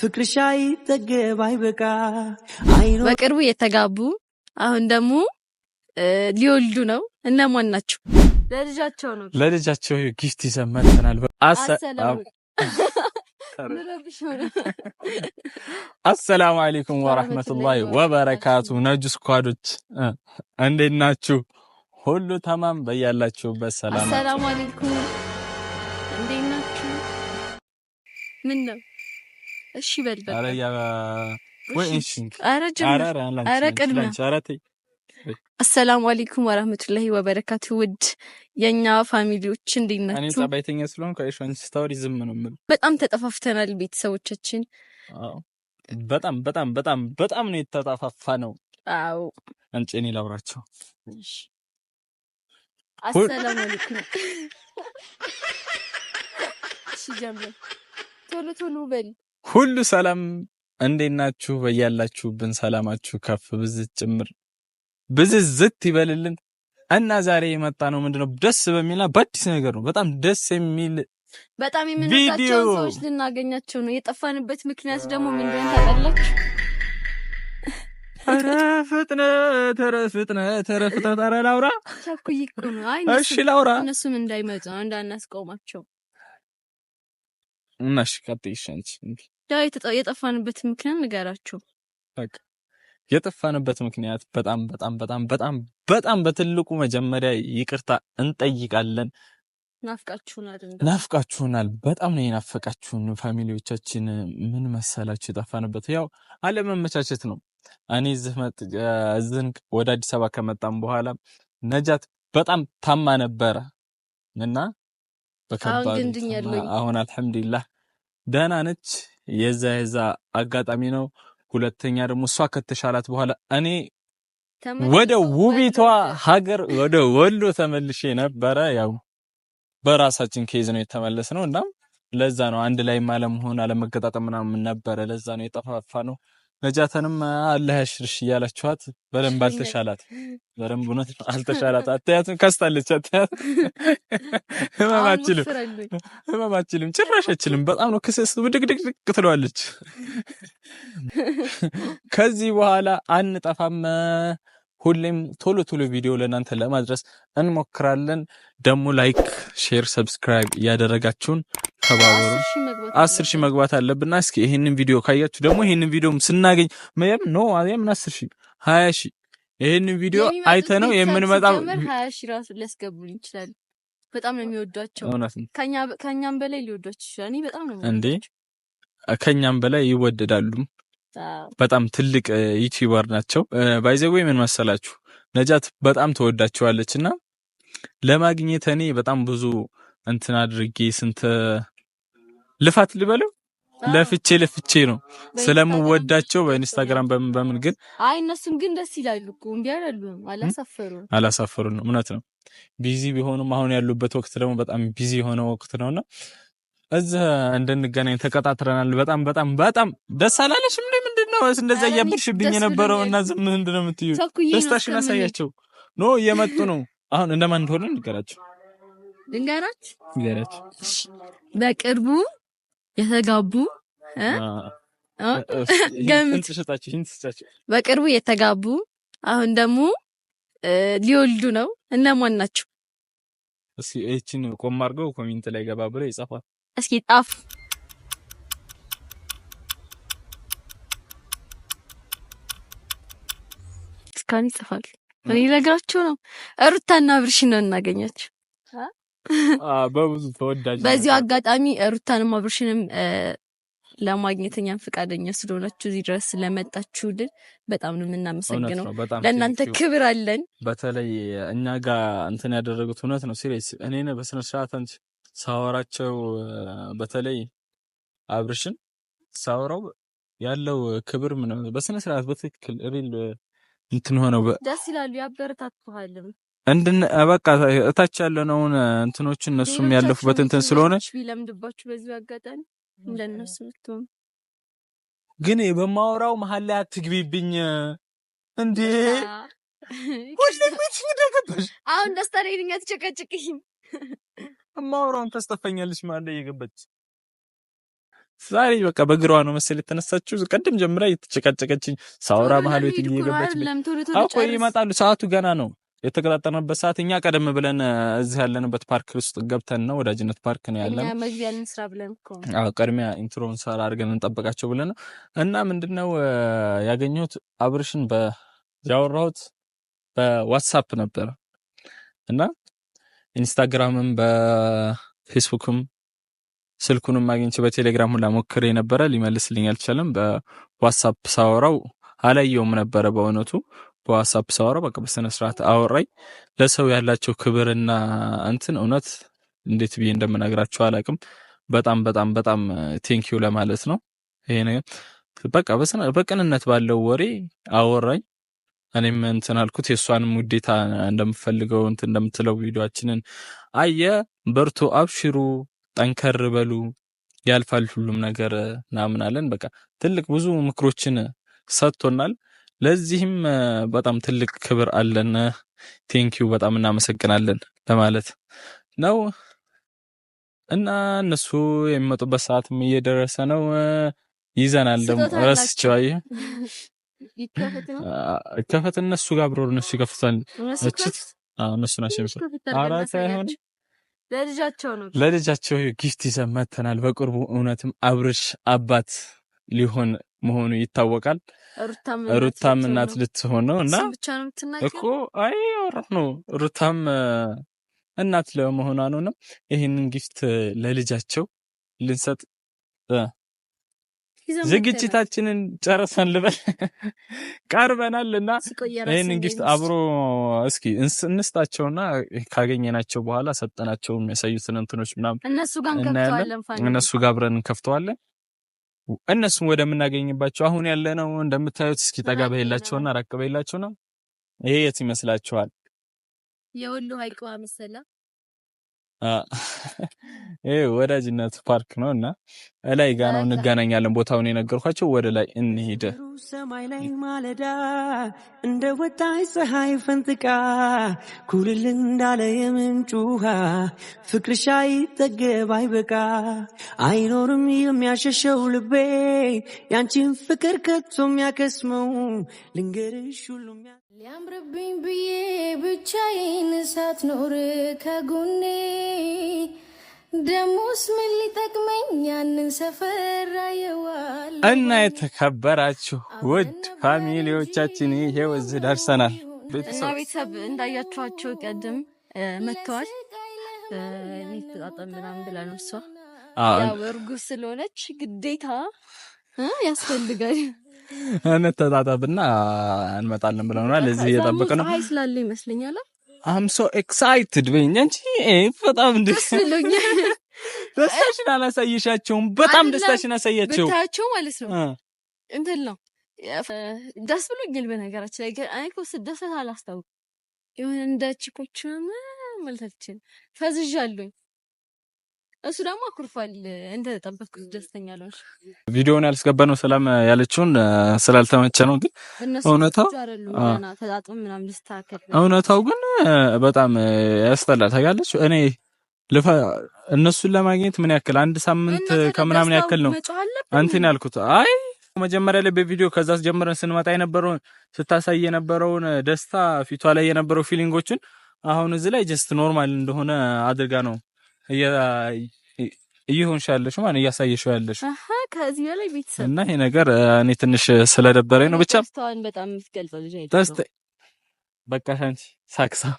ፍቅርሻይ ይጠገብ አይበቃ። በቅርቡ የተጋቡ አሁን ደግሞ ሊወልዱ ነው። እነማን ናቸው? ለልጃቸው ነው። ለልጃቸው ጊፍት ይዘን መጥተናል። አሰላሙ አለይኩም ወራህመቱላሂ ወበረካቱ። ነጁ ስኳዶች እንዴት ናችሁ? ሁሉ ተማም በያላችሁበት ሰላም። አሰላሙ አለይኩም እንዴት ናችሁ? ምን ነው እሺ በል በል። አሰላሙ አለይኩም ወራህመቱላሂ ወበረካቱ። ውድ የእኛ ፋሚሊዎች እንዴት ናችሁ? እኔ ጸባይተኛ ስለሆንኩ ስታወሪ ዝም ነው የምልህ። በጣም ተጠፋፍተናል ቤተሰቦቻችን። በጣም በጣም በጣም በጣም ነው የተጠፋፋ ነው። አዎ አንቺ እኔ ላውራቸው። አሰላሙ አለይኩም። እሺ ጀምር፣ ቶሎ ቶሎ በል ሁሉ ሰላም እንዴት ናችሁ? በያላችሁብን ሰላማችሁ ከፍ ብዝት ጭምር ብዝዝት ይበልልን እና ዛሬ የመጣ ነው ምንድነው ደስ በሚልና በአዲስ ነገር ነው። በጣም ደስ የሚል በጣም የምንወዳቸውን ሰዎች ልናገኛቸው ነው። የጠፋንበት ምክንያት ደግሞ ምንድን ታውቃላችሁ? ኧረ ፍጥነት፣ ኧረ ፍጥነት፣ ኧረ ፍጥነት፣ ኧረ ላውራ ቸኩዬ እኮ ነው። አይ እሺ ላውራ፣ እነሱም እንዳይመጡ ነው እንዳናስቆማቸው እና እሺ ቀጥይ አንቺ ያው የጠፋንበት ምክንያት ንገራችሁ። የጠፋንበት ምክንያት በጣም በጣም በጣም በጣም በጣም በትልቁ መጀመሪያ ይቅርታ እንጠይቃለን። ናፍቃችሁናል ናፍቃችሁናል። በጣም ነው የናፈቃችሁን ፋሚሊዎቻችን። ምን መሰላችሁ የጠፋንበት ያው አለመመቻቸት ነው። እኔ እዚህ ወደ አዲስ አበባ ከመጣም በኋላ ነጃት በጣም ታማ ነበረ እና በከባድ አሁን አልሐምዱሊላህ ደህና ነች። የዛ የዛ አጋጣሚ ነው። ሁለተኛ ደግሞ እሷ ከተሻላት በኋላ እኔ ወደ ውቢቷ ሀገር ወደ ወሎ ተመልሼ ነበረ። ያው በራሳችን ኬዝ ነው የተመለስ ነው። እናም ለዛ ነው አንድ ላይ አለመሆን አለመገጣጠም ምናምን ነበረ። ለዛ ነው የጠፋፋ ነው። ነጃተንም አላህ ያሽርሽ እያላችኋት በደንብ አልተሻላት፣ በደንብ እውነት አልተሻላት። አታያትም፣ ከስታለች። አታያት ህመም አችልም፣ ህመም አችልም፣ ጭራሽ አችልም። በጣም ነው ክስስ ብድግድግድግ ትለዋለች። ከዚህ በኋላ አንጠፋም ሁሌም ቶሎ ቶሎ ቪዲዮ ለእናንተ ለማድረስ እንሞክራለን። ደግሞ ላይክ፣ ሼር፣ ሰብስክራይብ እያደረጋችሁን ተባበሩ። አስር ሺህ መግባት አለብና እስኪ ይህንን ቪዲዮ ካያችሁ ደግሞ ይህንን ቪዲዮ ስናገኝ ምንም ኖ ምን አስር ሺህ ሀያ ሺህ ይህንን ቪዲዮ አይተ ነው የምንመጣው። ሀያ ሺህ ራሱ ሊያስገቡን ይችላል። በጣም ነው የሚወዷቸው። ከኛም በላይ ሊወዷቸው ይችላል። በጣም ነው እንዴ ከኛም በላይ ይወደዳሉም በጣም ትልቅ ዩቲዩበር ናቸው። ባይዘዌ ምን መሰላችሁ ነጃት በጣም ተወዳችኋለች እና ለማግኘት እኔ በጣም ብዙ እንትን አድርጌ ስንት ልፋት ልበለው ለፍቼ ለፍቼ ነው ስለምወዳቸው በኢንስታግራም በምን በምን ግን አይ እነሱም ግን ደስ ይላሉ እኮ እምቢ አይደሉም፣ አላሳፈሩ ነው እውነት ነው ቢዚ ቢሆኑም አሁን ያሉበት ወቅት ደግሞ በጣም ቢዚ የሆነ ወቅት ነውና እዚህ እንድንገናኝ ተቀጣጥረናል። በጣም በጣም በጣም ደስ አላለሽም? ምንም ምንድነው እንደዛ እያብሽብኝ የነበረው እና ዝም ምንድነው የምትዩ? ደስታሽን አሳያቸው። ኖ እየመጡ ነው። አሁን እንደማን እንደሆነ ንገራቸው፣ ንገራቸው፣ ንገራቸው። በቅርቡ የተጋቡ በቅርቡ የተጋቡ አሁን ደግሞ ሊወልዱ ነው። እነማን ናቸው? እስኪ እቺን ቆም አድርገው ኮሜንት ላይ ገባ ብለው ይጻፋል። Es geht auf. እስካሁን ይጽፋል። እኔ እነግራችሁ ነው ሩታና አብርሽን ነው እናገኛችሁ። በብዙ ተወዳጅ። በዚሁ አጋጣሚ ሩታንም አብርሽንም ለማግኘት እኛም ፈቃደኛ ስለሆናችሁ እዚህ ድረስ ስለመጣችሁልን በጣም ነው የምናመሰግነው። ለእናንተ ክብር አለን። በተለይ እኛ ጋር እንትን ያደረጉት እውነት ነው ሲሪየስ እኔ በስነስርዓት አንቺ ሳወራቸው በተለይ አብርሽን ሳወራው ያለው ክብር ምን በስነ ስርዓት በትክክል ሪል እንትን ሆነው ደስ ይላሉ፣ ያበረታቱሃልም እንድን በቃ እታች ያለነውን እንትኖች እነሱም ያለፉበት እንትን ስለሆነ ቢለምድባችሁ በዚህ አጋጣሚ እንደነሱ ልትሆን ግን በማውራው መሀል ላይ አትግቢብኝ እንዴ ሁሌ ቤት አሁን ደስታ ላይ ነኝ አትጨቀጭቅኝ እማወራውን ታስጠፋኛለች ማለት ላይ የገባች ዛሬ በቃ በግሯ ነው መሰል የተነሳችው። ቀደም ጀምራ የተጨቃጨቀችኝ ሳውራ መሀል ቤት እየገባች አቆ ይመጣሉ። ሰዓቱ ገና ነው። የተቀጣጠርንበት ሰዓት እኛ ቀደም ብለን እዚህ ያለንበት ፓርክ ውስጥ ገብተን ነው። ወዳጅነት ፓርክ ነው ያለን። ቀድሚያ ኢንትሮን ሰራ አድርገን እንጠበቃቸው ብለን ነው እና ምንድነው ያገኘሁት አብርሽን ያወራሁት በዋትሳፕ ነበረ እና ኢንስታግራምም በፌስቡክም ስልኩንም አግኝቼ በቴሌግራም ሁላ ሞክሬ ነበረ፣ ሊመልስልኝ አልቻለም። በዋትሳፕ ሳወራው አላየውም ነበረ በእውነቱ በዋትሳፕ ሳወራው በቃ በስነ ስርዓት አወራኝ። ለሰው ያላቸው ክብርና እንትን እውነት እንዴት ብዬ እንደምነግራቸው አላቅም። በጣም በጣም በጣም ቴንኪዩ ለማለት ነው። ይሄ ነገር በቃ በቅንነት ባለው ወሬ አወራኝ። እኔም እንትን አልኩት የእሷንም ውዴታ እንደምፈልገው እንትን እንደምትለው ቪዲዮችንን አየ። በርቶ አብሽሩ፣ ጠንከር በሉ ያልፋል ሁሉም ነገር እናምናለን። በቃ ትልቅ ብዙ ምክሮችን ሰጥቶናል። ለዚህም በጣም ትልቅ ክብር አለን። ቴንኪዩ በጣም እናመሰግናለን ለማለት ነው እና እነሱ የሚመጡበት ሰዓትም እየደረሰ ነው። ይዘናል ደግሞ ረስቸዋየ ይከፈት እነሱ ጋር ብሮር እነሱ ይከፍታል። እነሱ ናቸው ለልጃቸው ነው ለልጃቸው ጊፍት ይዘን መተናል። በቅርቡ እውነትም አብርሽ አባት ሊሆን መሆኑ ይታወቃል። ሩታም እናት ልትሆን ነው እና እኮ አይ ወራት ነው ሩታም እናት ለመሆኗ ነው እና ይህንን ጊፍት ለልጃቸው ልንሰጥ ዝግጅታችንን ጨርሰን ልበል ቀርበናል እና ይህን እንግዲህ አብሮ እስኪ እንስጣቸውና ካገኘናቸው በኋላ ሰጠናቸው የሚያሳዩትን እንትኖች ምናምን እነሱ ጋር አብረን እንከፍተዋለን። እነሱም ወደምናገኝባቸው አሁን ያለነው እንደምታዩት እስኪ ጠጋ በሌላቸውና ራቅ በሌላቸው ነው። ይሄ የት ይመስላችኋል? የወሎ ሀይቅ መሰላ ይሄ ወዳጅነት ፓርክ ነው እና እላይ ጋ ነው እንገናኛለን። ቦታውን የነገርኳቸው ወደ ላይ እንሄደ ሰማይ ላይ ማለዳ እንደ ወጣች ፀሐይ ፈንጥቃ ኩልል እንዳለ የምንጩ ውሃ ሻይ ጠገብ አይበቃ አይኖርም የሚያሸሸው ልቤ ያንቺን ፍቅር ከቶ የሚያከስመው ልንገርሽ ሁሉ ሊያምርብኝ ብዬ ብቻዬን ሳትኖር ከጎኔ ደሞስ ምን ሊጠቅመኝ ያንን ሰፈር አየዋል። እና የተከበራችሁ ውድ ፋሚሊዎቻችን ይሄው እዚህ ደርሰናል። እና ቤተሰብ እንዳያችኋቸው ቀድም መጥተዋል። ተጣጣም ምናምን ብላ ነው እሷ እርጉዝ ስለሆነች ግዴታ ያስፈልጋል እንተጣጣብና እንመጣለን ብለውናል። እዚህ እየጠበቅን ነው። ስላለ ይመስለኛል አም ሶ ኤክሳይትድ በይኝ አንቺ። በጣም ደስ ብሎኛል። ደስታሽን አላሳየሻቸውም። በጣም ደስታሽን አሳያቸው ብታያቸው ማለት ነው። እንትን ነው ደስ ብሎኛል። በነገራችን ላይ እኔ እኮ ስደሰት አላስታውቅም። የሆነ እንደ ቺኮች ምናምን ማለት አልችልም። ፈዝዣለሁኝ እሱ ደግሞ አኩርፏል። እንደጠበቅኩት ደስተኛ ለሆንሽ ቪዲዮውን ያልስገባ ነው ሰላም ያለችውን ስላልተመቸ ነው። ግን እውነታው እውነታው ግን በጣም ያስጠላል። ታውቃለች እኔ እነሱን ለማግኘት ምን ያክል አንድ ሳምንት ከምናምን ያክል ነው እንትን ያልኩት። አይ መጀመሪያ ላይ በቪዲዮ ከዛ ጀምረን ስንመጣ የነበረውን ስታሳይ የነበረውን ደስታ ፊቷ ላይ የነበረው ፊሊንጎችን አሁን እዚህ ላይ ጀስት ኖርማል እንደሆነ አድርጋ ነው እየሆንሽ ያለሽ ማን እያሳየሽ ያለሽ ከዚህ በላይ ቤተሰብ እና ይሄ ነገር እኔ ትንሽ ስለደበረኝ ነው። ብቻ ተስታውን በጣም የምትገልጸው ልጅ አይደለም። በቃ አንቺ ሳክሳም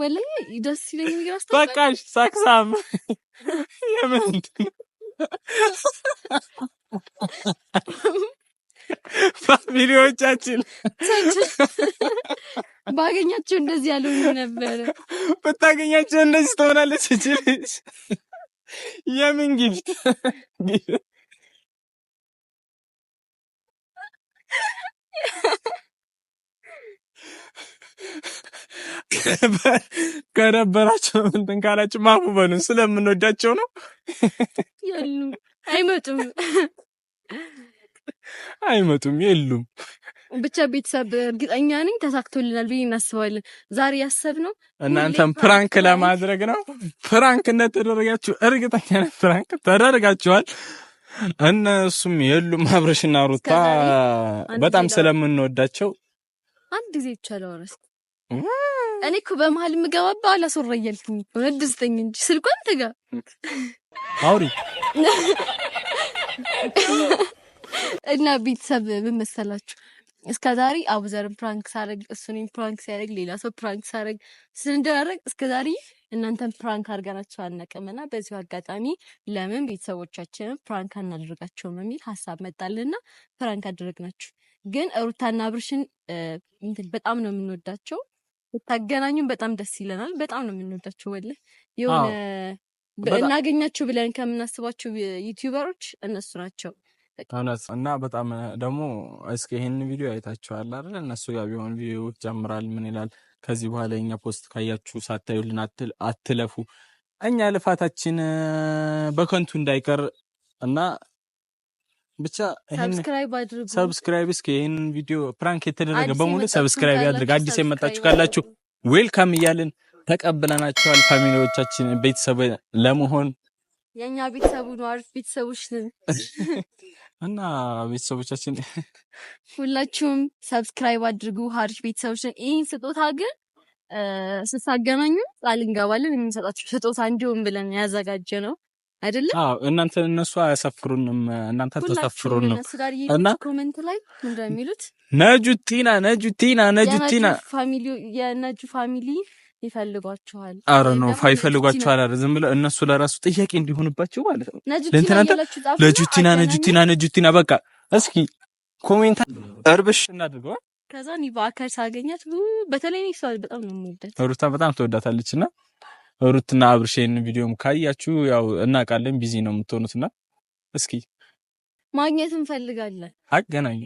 ወላሂ ደስ ይለኝ። በቃሽ ሳክሳም የምን ፋሚሊዎቻችን ባገኛቸው እንደዚህ ያለው ነበረ። ብታገኛቸው እንደዚህ ትሆናለች እችልሽ የምን ጊፍት ከነበራቸው እንትን ካላችሁ ማፉ ስለምንወዳቸው ነው። አይመጡም አይመጡም የሉም። ብቻ ቤተሰብ እርግጠኛ ነኝ ተሳክቶልናል ብዬ እናስባለን። ዛሬ ያሰብነው እናንተም ፕራንክ ለማድረግ ነው። ፕራንክ እንደተደረጋችሁ እርግጠኛ ነኝ። ፕራንክ ተደረጋችኋል። እነሱም የሉም። አብረሽና ሩታ በጣም ስለምንወዳቸው አንድ ጊዜ ይቻለው ረስ እኔ እኮ በመሀል የምገባባ አላስወራ እያልኩኝ ዘጠኝ እንጂ ስልኳን ትጋ አውሪ እና ቤተሰብ ምን መሰላችሁ እስከ ዛሬ አቡዘርን ፕራንክ ሳረግ፣ እሱን ፕራንክ ሲያደርግ፣ ሌላ ሰው ፕራንክ ሳረግ ስንደራረግ ዛሬ እናንተን ፕራንክ አድርገናቸው አናውቅም እና በዚሁ አጋጣሚ ለምን ቤተሰቦቻችንን ፕራንክ አናደርጋቸውም የሚል ሀሳብ መጣልና ፕራንክ አደረግናችሁ። ግን ሩታና ብርሽን በጣም ነው የምንወዳቸው። ብታገናኙን በጣም ደስ ይለናል። በጣም ነው የምንወዳቸው። ወለ የሆነ እናገኛችሁ ብለን ከምናስባቸው ዩቲዩበሮች እነሱ ናቸው። እውነት እና በጣም ደግሞ እስኪ ይህን ቪዲዮ አይታችኋል አይደል? እነሱ ጋር ቢሆን ቪዲዮ ጀምራል። ምን ይላል ከዚህ በኋላ የኛ ፖስት ካያችሁ ሳታዩልን አትለፉ። እኛ ልፋታችን በከንቱ እንዳይቀር እና ብቻ ሰብስክራይብ እስኪ ይህን ቪዲዮ ፕራንክ የተደረገ በሙሉ ሰብስክራይብ ያድርግ። አዲስ የመጣችሁ ካላችሁ ዌልካም እያልን ተቀብለናችኋል። ፋሚሊዎቻችን ቤተሰብ ለመሆን የእኛ ቤተሰቡ ነው። አሪፍ ቤተሰቦች ነን። እና ቤተሰቦቻችን ሁላችሁም ሰብስክራይብ አድርጉ። ሀሪሽ ቤተሰቦች ይህን ስጦታ ግን ስታገናኙ ቃል እንገባለን የምንሰጣችሁ ስጦታ እንዲሁም ብለን ያዘጋጀ ነው አይደለ? እናንተ እነሱ አያሰፍሩንም፣ እናንተ ተሳፍሩንም። እና ኮመንት ላይ ምንድን ነጁ ቲና ነጁ ቲና ነጁ ቲና የነጁ ፋሚሊ ይፈልጓቸዋል። አረ ነው ፋ ይፈልጓቸዋል። አረ ዝም ብለው እነሱ ለራሱ ጥያቄ እንዲሆንባቸው ማለት ነው። ለእንትናንተ ለጁቲና ነጁቲና ነጁቲና በቃ እስኪ ኮሜንታ እርብሽ እናድርገዋል። ከዛ እኔ በአካል ሳገኛት በተለይ እኔ ሰው በጣም ነው የምወደት ሩታ በጣም ትወዳታለች። እና ሩትና አብርሽን ቪዲዮም ካያችሁ ያው እናውቃለን ቢዚ ነው የምትሆኑትና እስኪ ማግኘት እንፈልጋለን። አገናኝ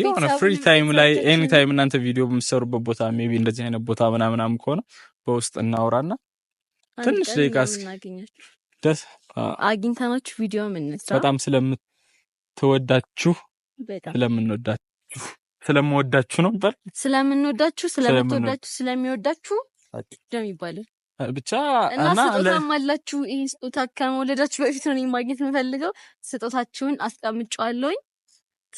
የሆነ ፍሪ ታይም ላይ ኤኒ ታይም እናንተ ቪዲዮ በምትሰሩበት ቦታ ሜይ ቢ እንደዚህ አይነት ቦታ ምናምናም ከሆነ በውስጥ እናውራና ትንሽ ደቂቃ ደስ አግኝተናችሁ ቪዲዮ ምንስራ በጣም ስለምትወዳችሁ ስለምንወዳችሁ ስለምወዳችሁ ነው በል ስለምንወዳችሁ ስለምትወዳችሁ ስለሚወዳችሁ ነው ይባላል። ብቻ እና ስጦታማላችሁ ይህ ስጦታ ከመውለዳችሁ በፊት ነው ማግኘት የምፈልገው። ስጦታችሁን አስቀምጫዋለሁኝ።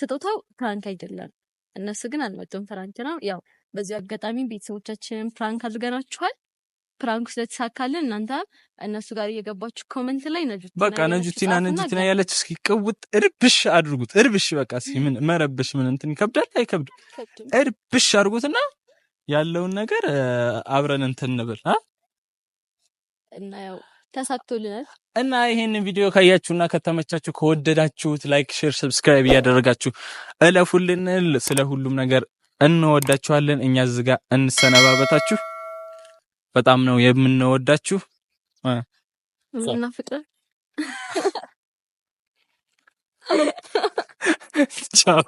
ስጦታው ፕራንክ አይደለም። እነሱ ግን አልመጡም፣ ፕራንክ ነው። ያው በዚሁ አጋጣሚ ቤተሰቦቻችንን ፕራንክ አድርገናችኋል። ፕራንክ ስለተሳካልን እናንተ እነሱ ጋር እየገባችሁ ኮመንት ላይ በቃ ነጁቲና ነጁቲና ያለች እስኪ ቅውጥ እርብሽ አድርጉት። እርብሽ በቃ እስኪ ምን መረብሽ ምን እንትን ይከብዳል አይከብድም? እርብሽ አድርጉትና ያለውን ነገር አብረን እንትን እንብል እና ያው ተሳክቶልናል እና ይሄንን ቪዲዮ ካያችሁና ከተመቻችሁ ከወደዳችሁት ላይክ፣ ሼር፣ ሰብስክራይብ እያደረጋችሁ እለፉልን። ስለ ሁሉም ነገር እንወዳችኋለን። እኛ እዚህ ጋር እንሰነባበታችሁ። በጣም ነው የምንወዳችሁ እና ፍቅር ቻው።